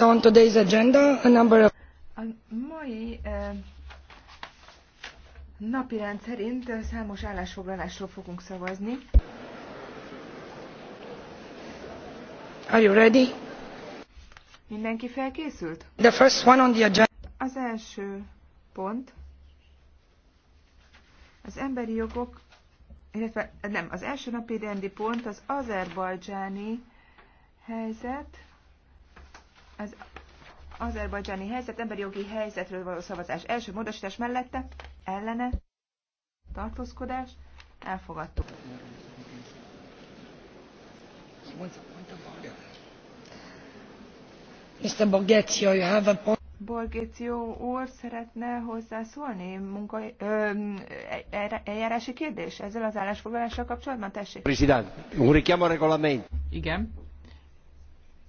a mai eh, napirend szerint eh, számos állásfoglalásról fogunk szavazni. Are you ready? Mindenki felkészült? The first one on the agenda. Az első pont az emberi jogok, illetve nem, az első napi rendi pont az azerbajdzsáni helyzet, az azerbajdzsáni helyzet, emberi jogi helyzetről való szavazás. Első módosítás mellette, ellene, tartózkodás, elfogadtuk. Mr. Borgetio, you have a point. Borgetio úr szeretne hozzászólni munka, ö, e-, eljárási kérdés ezzel az állásfoglalással kapcsolatban? Tessék. President, un richiamo regolamento. Igen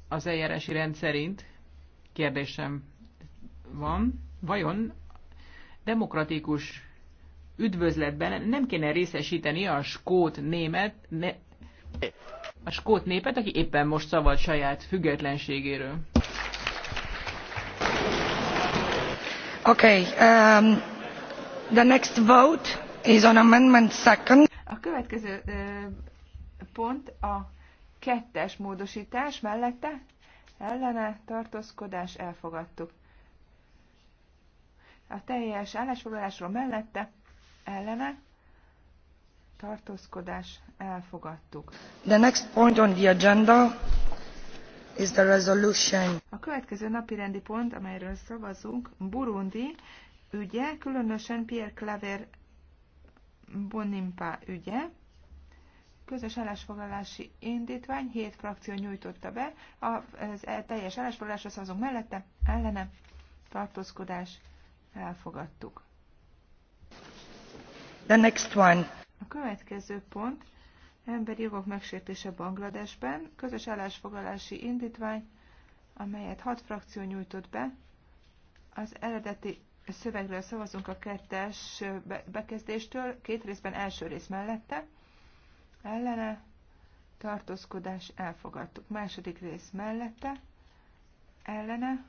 az eljárási rend szerint kérdésem van, vajon demokratikus üdvözletben nem kéne részesíteni a skót német, ne, a skót népet, aki éppen most szavaz saját függetlenségéről. Okay, um, the next vote is on amendment second. A következő uh, pont a Kettes módosítás mellette ellene tartózkodás elfogadtuk. A teljes állásfoglalásról mellette ellene tartózkodás elfogadtuk. The next point on the agenda is the resolution. A következő napi rendi pont, amelyről szavazunk, Burundi ügye, különösen Pierre Claver Bonimpa ügye. Közös állásfoglalási indítvány, hét frakció nyújtotta be, az e, teljes állásfoglalásra szavazunk mellette, ellene, tartózkodás, elfogadtuk. The next one. A következő pont, emberi jogok megsértése Bangladesben, közös állásfoglalási indítvány, amelyet hat frakció nyújtott be. Az eredeti szövegről szavazunk a kettes bekezdéstől, két részben első rész mellette, ellene, tartózkodás elfogadtuk. Második rész mellette, ellene,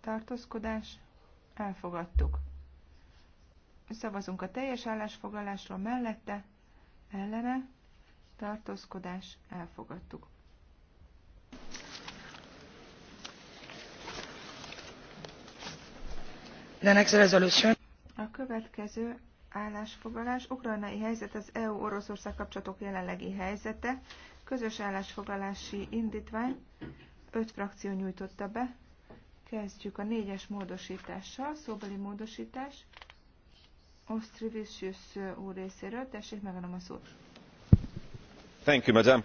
tartózkodás elfogadtuk. Szavazunk a teljes állásfoglalásra mellette, ellene, tartózkodás elfogadtuk. The next resolution. A következő állásfoglalás. Ukrajnai helyzet az EU-Oroszország kapcsolatok jelenlegi helyzete. Közös állásfoglalási indítvány. Öt frakció nyújtotta be. Kezdjük a négyes módosítással. Szóbeli módosítás. Osztrivisius úr részéről. Tessék, megadom a szót. Thank you,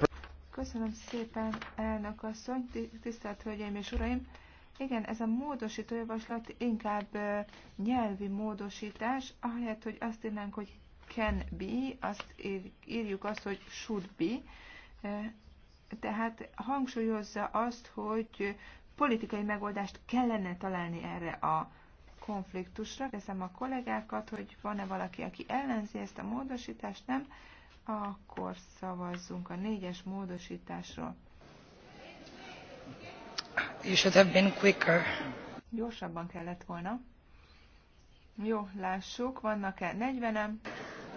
Köszönöm szépen, elnök asszony, tisztelt hölgyeim és uraim! Igen, ez a módosító javaslat inkább nyelvi módosítás, ahelyett, hogy azt írnánk, hogy can be, azt írjuk azt, hogy should be. Tehát hangsúlyozza azt, hogy politikai megoldást kellene találni erre a konfliktusra. Teszem a kollégákat, hogy van-e valaki, aki ellenzi ezt a módosítást, nem? Akkor szavazzunk a négyes módosításról. You should have been quicker. Gyorsabban kellett volna. Jó, lássuk, vannak-e 40-em?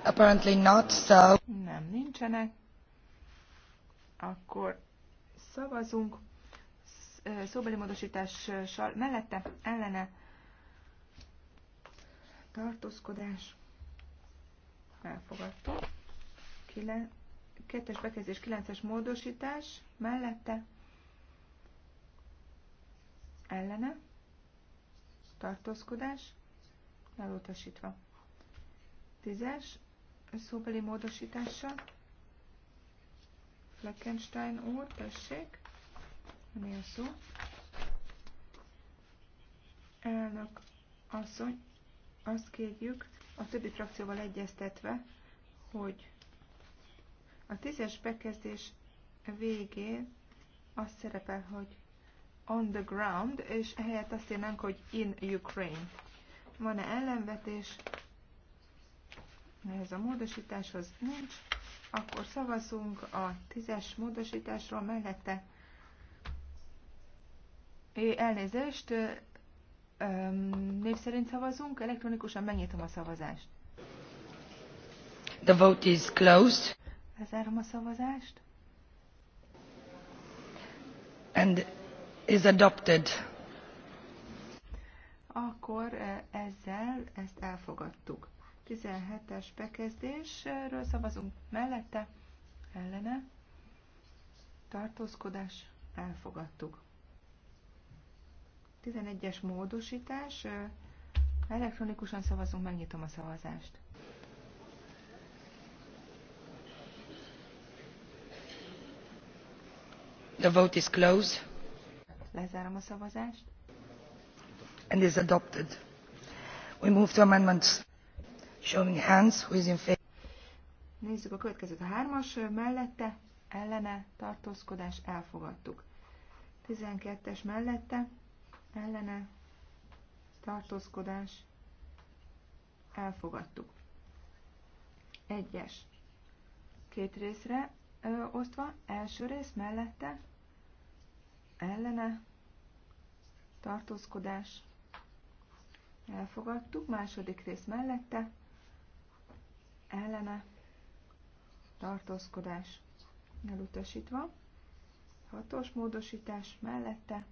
Apparently not, so... Nem, nincsenek. Akkor szavazunk. Szóbeli módosítással mellette, ellene tartózkodás. Elfogadtuk. Kettes bekezdés, kilences módosítás mellette, ellene, tartózkodás, elutasítva. Tízes, szóbeli módosítása, Fleckenstein úr, tessék, mi a szó? Elnök asszony, azt kérjük, a többi frakcióval egyeztetve, hogy a tízes bekezdés végén az szerepel, hogy on the ground, és ehelyett azt írnánk, hogy in Ukraine. Van-e ellenvetés? Ehhez a módosításhoz nincs. Akkor szavazunk a tízes módosításról mellette. É, elnézést, név szerint szavazunk, elektronikusan megnyitom a szavazást. The vote is closed. Lezárom a szavazást. And is adopted. Akkor e, ezzel ezt elfogadtuk. 17-es bekezdésről szavazunk mellette, ellene, tartózkodás, elfogadtuk. 11-es módosítás, e, elektronikusan szavazunk, megnyitom a szavazást. The vote is closed Lezárom a szavazást. And is adopted. We move to amendments showing hands who is in favor. Nézzük a következőt. A hármas mellette, ellene, tartózkodás, elfogadtuk. 12-es mellette, ellene, tartózkodás, elfogadtuk. Egyes. Két részre ö, osztva, első rész mellette, ellene tartózkodás elfogadtuk, második rész mellette ellene tartózkodás elutasítva, hatos módosítás mellette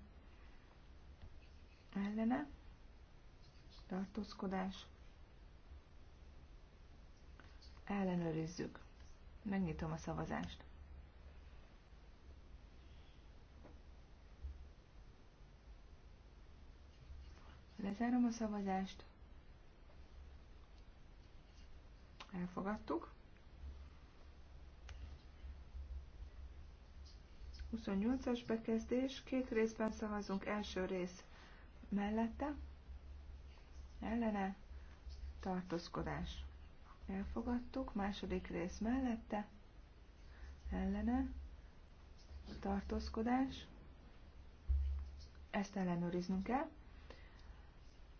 ellene tartózkodás ellenőrizzük. Megnyitom a szavazást. Lezárom a szavazást. Elfogadtuk. 28-as bekezdés, két részben szavazunk, első rész mellette, ellene, tartózkodás. Elfogadtuk, második rész mellette, ellene, tartózkodás. Ezt ellenőriznünk kell.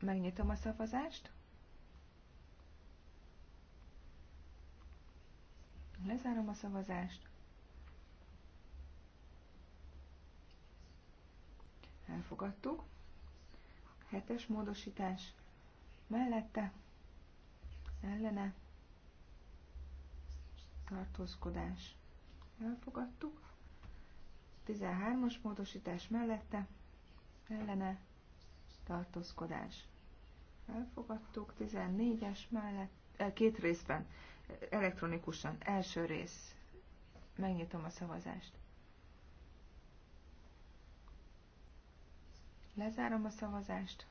Megnyitom a szavazást. Lezárom a szavazást. Elfogadtuk. Hetes módosítás mellette, ellene, tartózkodás. Elfogadtuk. 13-as módosítás mellette, ellene, tartózkodás. Elfogadtuk 14-es mellett, eh, két részben, elektronikusan, első rész. Megnyitom a szavazást. Lezárom a szavazást.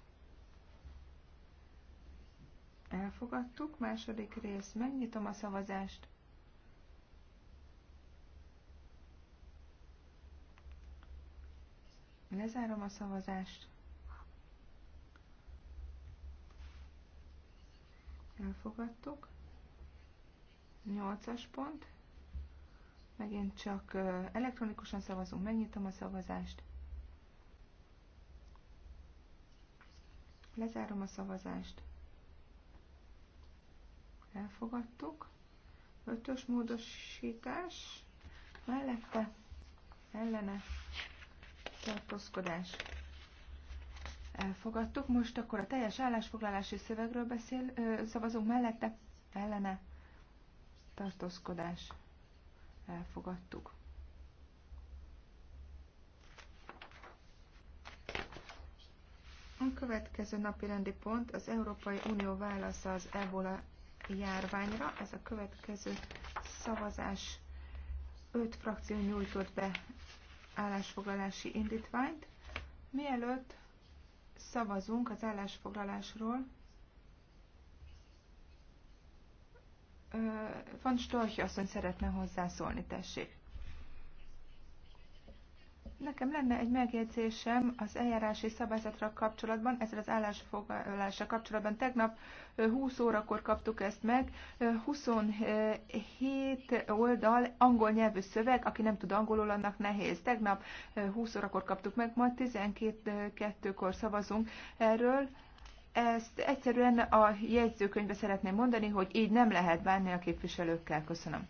Elfogadtuk, második rész, megnyitom a szavazást. Lezárom a szavazást. elfogadtuk. 8-as pont. Megint csak elektronikusan szavazunk, megnyitom a szavazást. Lezárom a szavazást. Elfogadtuk. Ötös módosítás. Mellette ellene tartózkodás elfogadtuk. Most akkor a teljes állásfoglalási szövegről beszél, szavazunk mellette, ellene, tartózkodás, elfogadtuk. A következő napi rendi pont az Európai Unió válasza az ebola járványra. Ez a következő szavazás öt frakció nyújtott be állásfoglalási indítványt. Mielőtt szavazunk az állásfoglalásról. Van Storch asszony szeretne hozzászólni, tessék. Nekem lenne egy megjegyzésem az eljárási szabályzatra kapcsolatban, ezzel az állásfoglalással kapcsolatban. Tegnap 20 órakor kaptuk ezt meg, 27 oldal angol nyelvű szöveg, aki nem tud angolul, annak nehéz. Tegnap 20 órakor kaptuk meg, majd 12-kor szavazunk erről. Ezt egyszerűen a jegyzőkönyvbe szeretném mondani, hogy így nem lehet bánni a képviselőkkel. Köszönöm.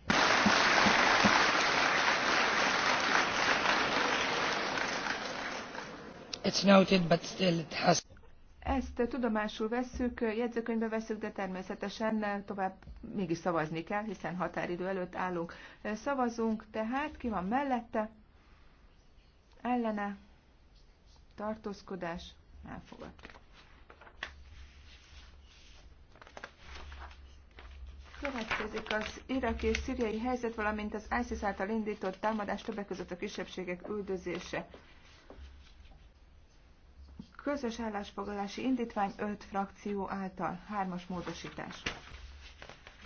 It's noted, but still it has... Ezt tudomásul vesszük, jegyzőkönyvbe vesszük, de természetesen tovább mégis szavazni kell, hiszen határidő előtt állunk. Szavazunk, tehát ki van mellette? Ellene? Tartózkodás? Elfogad. Következik az Irak és szíriai helyzet, valamint az ISIS által indított támadás többek között a kisebbségek üldözése. Közös állásfoglalási indítvány 5 frakció által. Hármas módosítás.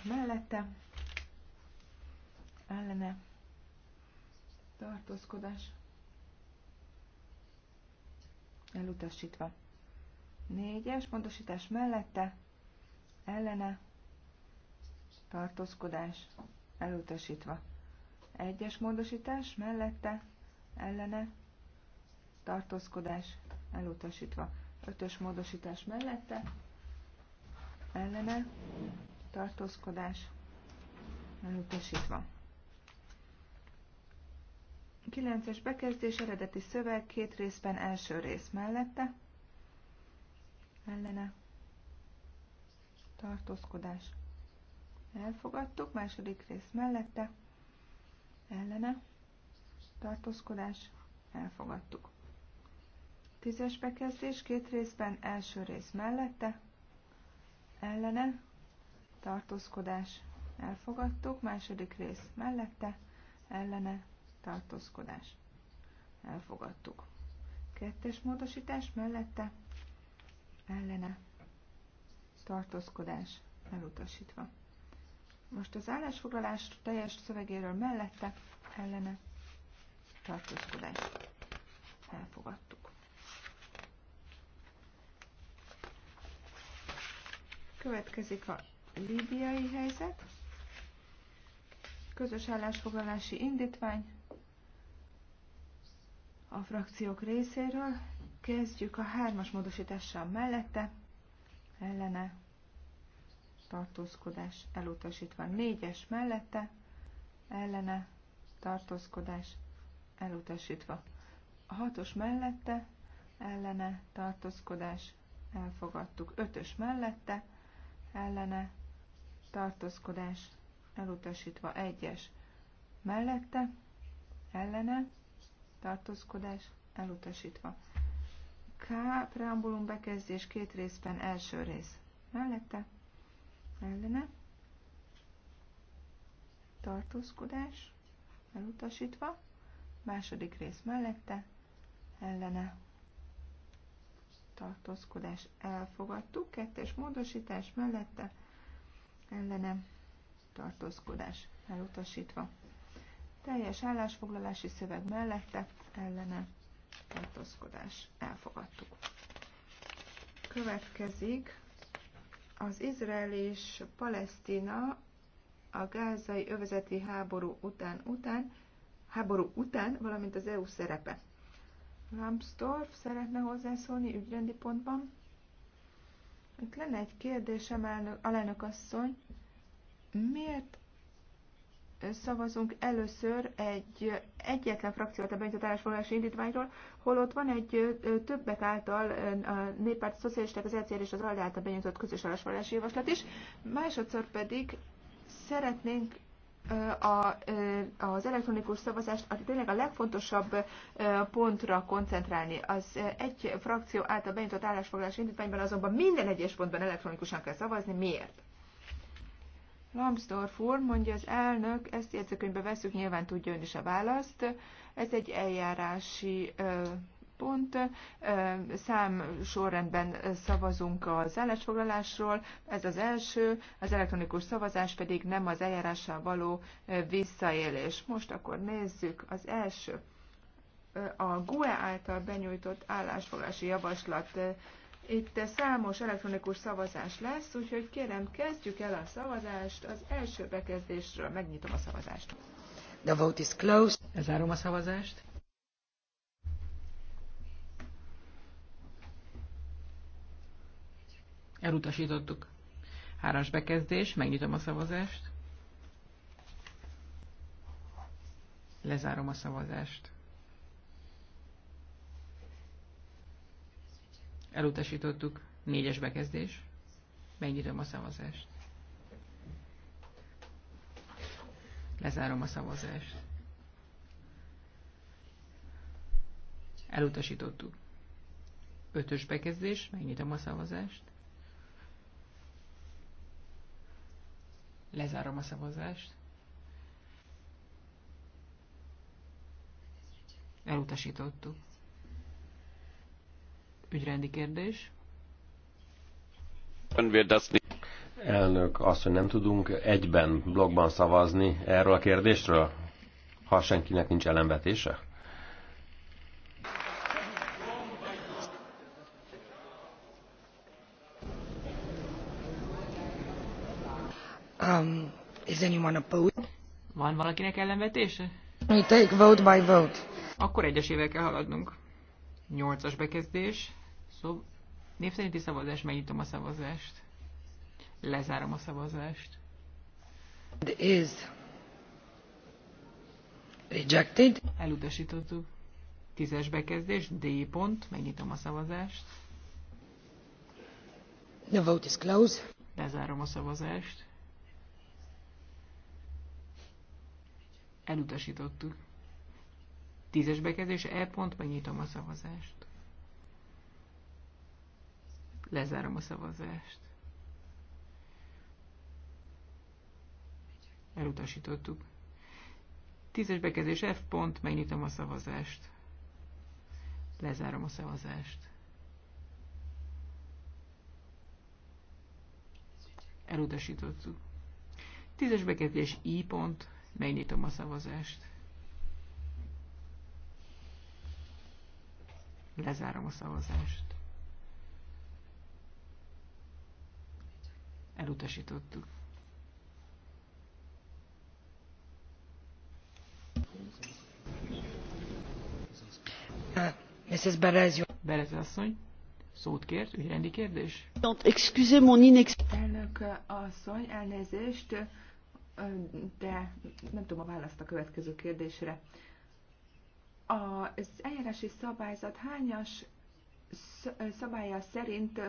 Mellette. Ellene. Tartózkodás. Elutasítva. Négyes módosítás mellette. Ellene. Tartózkodás. Elutasítva. Egyes módosítás mellette. Ellene tartózkodás elutasítva. Ötös módosítás mellette, ellene, tartózkodás elutasítva. Kilences bekezdés eredeti szöveg két részben első rész mellette, ellene, tartózkodás elfogadtuk, második rész mellette, ellene, tartózkodás elfogadtuk. Tízes bekezdés két részben, első rész mellette, ellene, tartózkodás, elfogadtuk, második rész mellette, ellene, tartózkodás, elfogadtuk. Kettes módosítás mellette, ellene, tartózkodás, elutasítva. Most az állásfoglalás teljes szövegéről mellette, ellene, tartózkodás, elfogadtuk. Következik a líbiai helyzet. Közös állásfoglalási indítvány a frakciók részéről. Kezdjük a hármas módosítással mellette. Ellene tartózkodás elutasítva. Négyes mellette. Ellene tartózkodás elutasítva. A hatos mellette. Ellene tartózkodás elfogadtuk. Ötös mellette ellene tartózkodás elutasítva egyes mellette ellene tartózkodás elutasítva. K. Preambulum bekezdés két részben első rész mellette ellene tartózkodás elutasítva második rész mellette ellene tartózkodás elfogadtuk, kettes módosítás mellette ellene tartózkodás elutasítva. Teljes állásfoglalási szöveg mellette ellene tartózkodás elfogadtuk. Következik az Izrael és Palesztina a gázai övezeti háború után, után, háború után, valamint az EU szerepe. Lambsdorff szeretne hozzászólni ügyrendi pontban. Itt lenne egy kérdésem, elnök, alelnök asszony. Miért szavazunk először egy egyetlen frakciót a benyújtott állásfoglalási indítványról, holott van egy többek által a néppárt, a szocialisták, az ECR és az ALDE által benyújtott közös állásfoglalási javaslat is. Másodszor pedig szeretnénk a, az elektronikus szavazást a, tényleg a legfontosabb pontra koncentrálni. Az egy frakció által benyújtott állásfoglalás indítványban azonban minden egyes pontban elektronikusan kell szavazni. Miért? Lambsdorff úr, mondja az elnök, ezt jegyzőkönyvbe veszük, nyilván tudja ön is a választ. Ez egy eljárási pont. Szám sorrendben szavazunk az állásfoglalásról. Ez az első, az elektronikus szavazás pedig nem az eljárással való visszaélés. Most akkor nézzük az első. A GUE által benyújtott állásfoglalási javaslat. Itt számos elektronikus szavazás lesz, úgyhogy kérem, kezdjük el a szavazást. Az első bekezdésről megnyitom a szavazást. The vote is closed. Lezárom a szavazást. Elutasítottuk. háras bekezdés, megnyitom a szavazást. Lezárom a szavazást. Elutasítottuk. Négyes bekezdés. Megnyitom a szavazást. Lezárom a szavazást. Elutasítottuk. Ötös bekezdés. Megnyitom a szavazást. Lezárom a szavazást. Elutasítottuk. Ügyrendi kérdés. Elnök azt, hogy nem tudunk egyben blogban szavazni erről a kérdésről, ha senkinek nincs ellenvetése? Is anyone opposed? Van valakinek ellenvetése? We take vote by vote. Akkor egyesével kell haladnunk. Nyolcas bekezdés. Szó... Név szerinti szavazás, megnyitom a szavazást. Lezárom a szavazást. It is rejected. Elutasítottuk. Tízes bekezdés, D pont, megnyitom a szavazást. The vote is closed. Lezárom a szavazást. Elutasítottuk. Tízes bekezdés E pont, megnyitom a szavazást. Lezárom a szavazást. Elutasítottuk. Tízes bekezdés F pont, megnyitom a szavazást. Lezárom a szavazást. Elutasítottuk. Tízes bekezdés I pont, Megnyitom a szavazást. Lezárom a szavazást. Elutasítottuk. Uh, Mrs. Berez. Berez asszony. Szót kért, ügyrendi kérdés? Excusez mon inex... Elnök asszony, elnézést de nem tudom a választ a következő kérdésre. Az eljárási szabályzat hányas szabálya szerint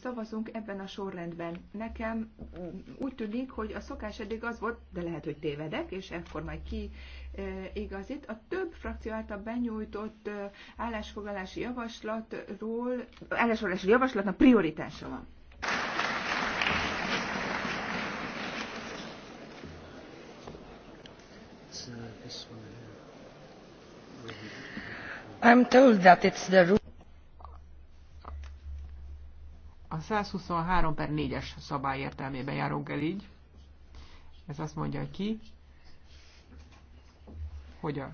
szavazunk ebben a sorrendben. Nekem mm, úgy tűnik, hogy a szokás eddig az volt, de lehet, hogy tévedek, és ekkor majd ki igazít. A több frakció által benyújtott állásfoglalási javaslatról, állásfoglalási javaslatnak prioritása van. I'm told that it's the a 123 per 4-es szabály értelmében járunk el így. Ez azt mondja ki, hogy a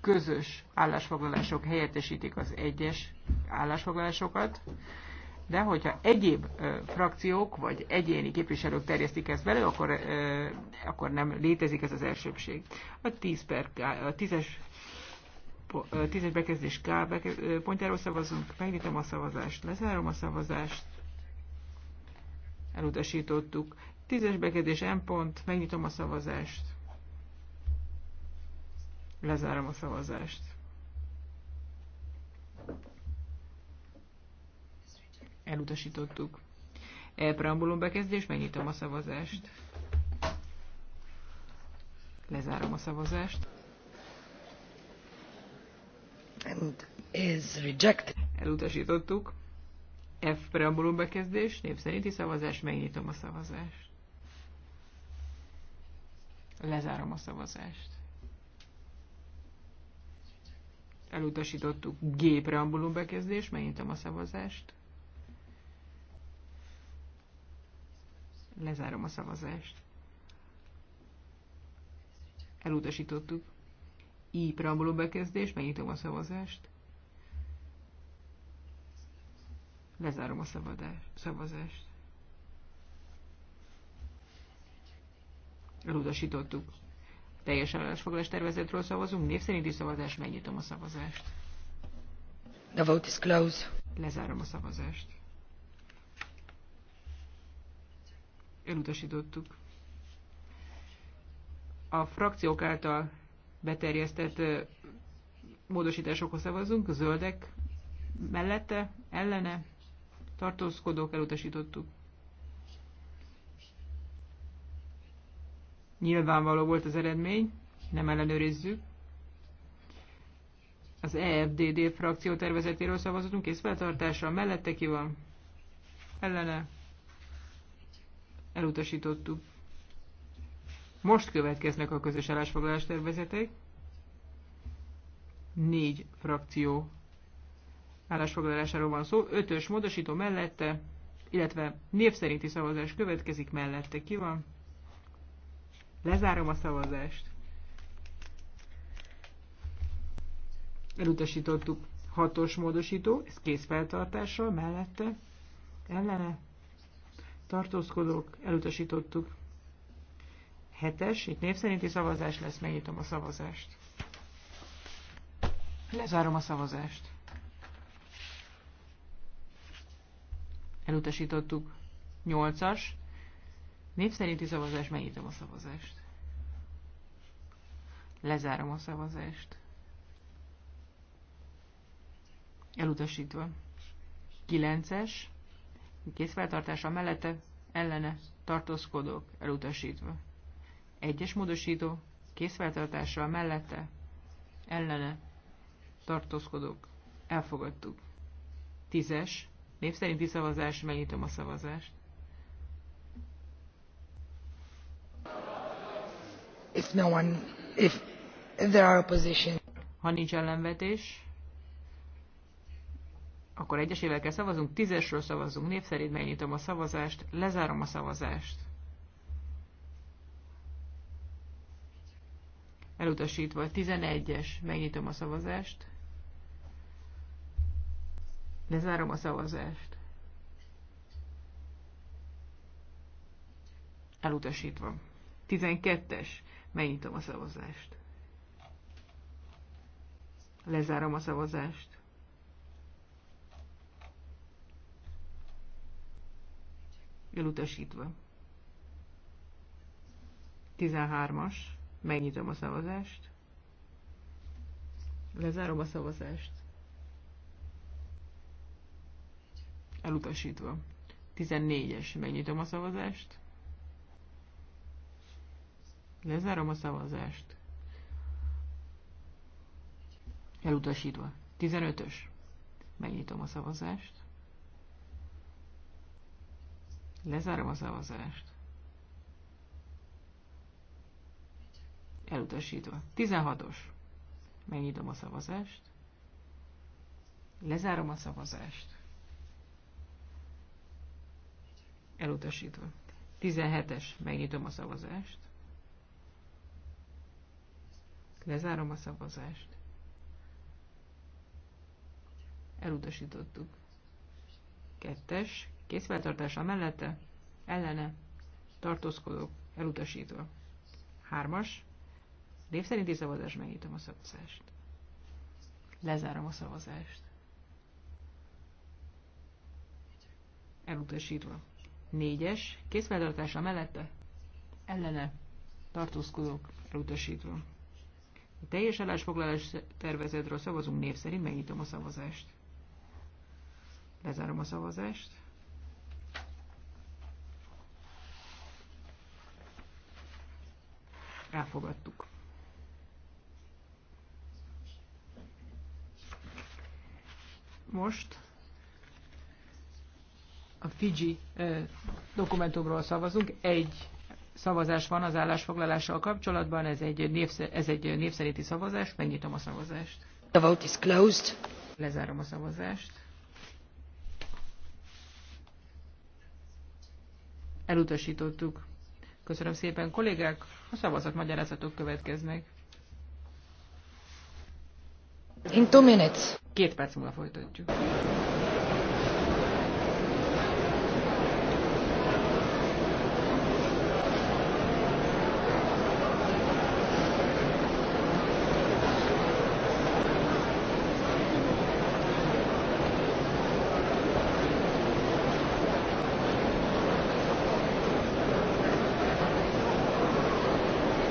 közös állásfoglalások helyettesítik az egyes állásfoglalásokat, de hogyha egyéb frakciók vagy egyéni képviselők terjesztik ezt belő, akkor, akkor nem létezik ez az elsőbség. A 10 per K, a 10-es tízes bekezdés K pontjáról szavazunk, megnyitom a szavazást, lezárom a szavazást, elutasítottuk. Tízes bekezdés M pont, megnyitom a szavazást, lezárom a szavazást. elutasítottuk. E preambulum bekezdés, megnyitom a szavazást. Lezárom a szavazást. And is rejected. Elutasítottuk. F preambulum bekezdés, népszerinti szavazás, megnyitom a szavazást. Lezárom a szavazást. Elutasítottuk G preambulum bekezdés, megnyitom a szavazást. Lezárom a szavazást. Elutasítottuk. I preambuló bekezdés, megnyitom a szavazást. Lezárom a szavazást. Elutasítottuk. Teljes állásfoglalás tervezetről szavazunk, név szerinti szavazás, megnyitom a szavazást. The vote is closed. Lezárom a szavazást. elutasítottuk. A frakciók által beterjesztett módosításokhoz szavazunk, a zöldek mellette, ellene, tartózkodók elutasítottuk. Nyilvánvaló volt az eredmény, nem ellenőrizzük. Az EFDD frakció tervezetéről szavazatunk, és feltartással mellette ki van? Ellene elutasítottuk. Most következnek a közös állásfoglalás tervezetek. Négy frakció állásfoglalásáról van szó. Ötös módosító mellette, illetve név szerinti szavazás következik mellette. Ki van? Lezárom a szavazást. Elutasítottuk hatos módosító, ez készfeltartással mellette, ellene tartózkodók, elutasítottuk. Hetes, itt név szerinti szavazás lesz, megnyitom a szavazást. Lezárom a szavazást. Elutasítottuk. Nyolcas, név szerinti szavazás, megnyitom a szavazást. Lezárom a szavazást. Elutasítva. Kilences, készfeltartása mellette ellene tartózkodók elutasítva. Egyes módosító készfeltartása mellette ellene tartózkodók elfogadtuk. Tízes név szerinti szavazás, megnyitom a szavazást. If no one, if there are opposition. Ha nincs ellenvetés, akkor egyesével kell szavazunk, tízesről szavazunk, név szerint megnyitom a szavazást, lezárom a szavazást. Elutasítva, 11-es, megnyitom a szavazást. Lezárom a szavazást. Elutasítva. 12-es, megnyitom a szavazást. Lezárom a szavazást. elutasítva. 13-as, megnyitom a szavazást, lezárom a szavazást, elutasítva. 14-es, megnyitom a szavazást, lezárom a szavazást, elutasítva. 15-ös, megnyitom a szavazást, Lezárom a szavazást. Elutasítva. 16-os. Megnyitom a szavazást. Lezárom a szavazást. Elutasítva. 17-es. Megnyitom a szavazást. Lezárom a szavazást. Elutasítottuk. Kettes készfeltartása mellette, ellene, tartózkodók, elutasítva. Hármas, név szerinti szavazás, megnyitom a szavazást. Lezárom a szavazást. Elutasítva. Négyes, készfeltartása mellette, ellene, tartózkodók, elutasítva. A teljes állásfoglalás tervezetről szavazunk név szerint, megnyitom a szavazást. Lezárom a szavazást. elfogadtuk. Most a Fiji dokumentumról szavazunk. Egy szavazás van az állásfoglalással kapcsolatban, ez egy, népszer, ez egy népszerinti szavazás, megnyitom a szavazást. The vote is closed. Lezárom a szavazást. Elutasítottuk. Köszönöm szépen, kollégák! A szavazat magyarázatok következnek. In two minutes. Két perc múlva folytatjuk.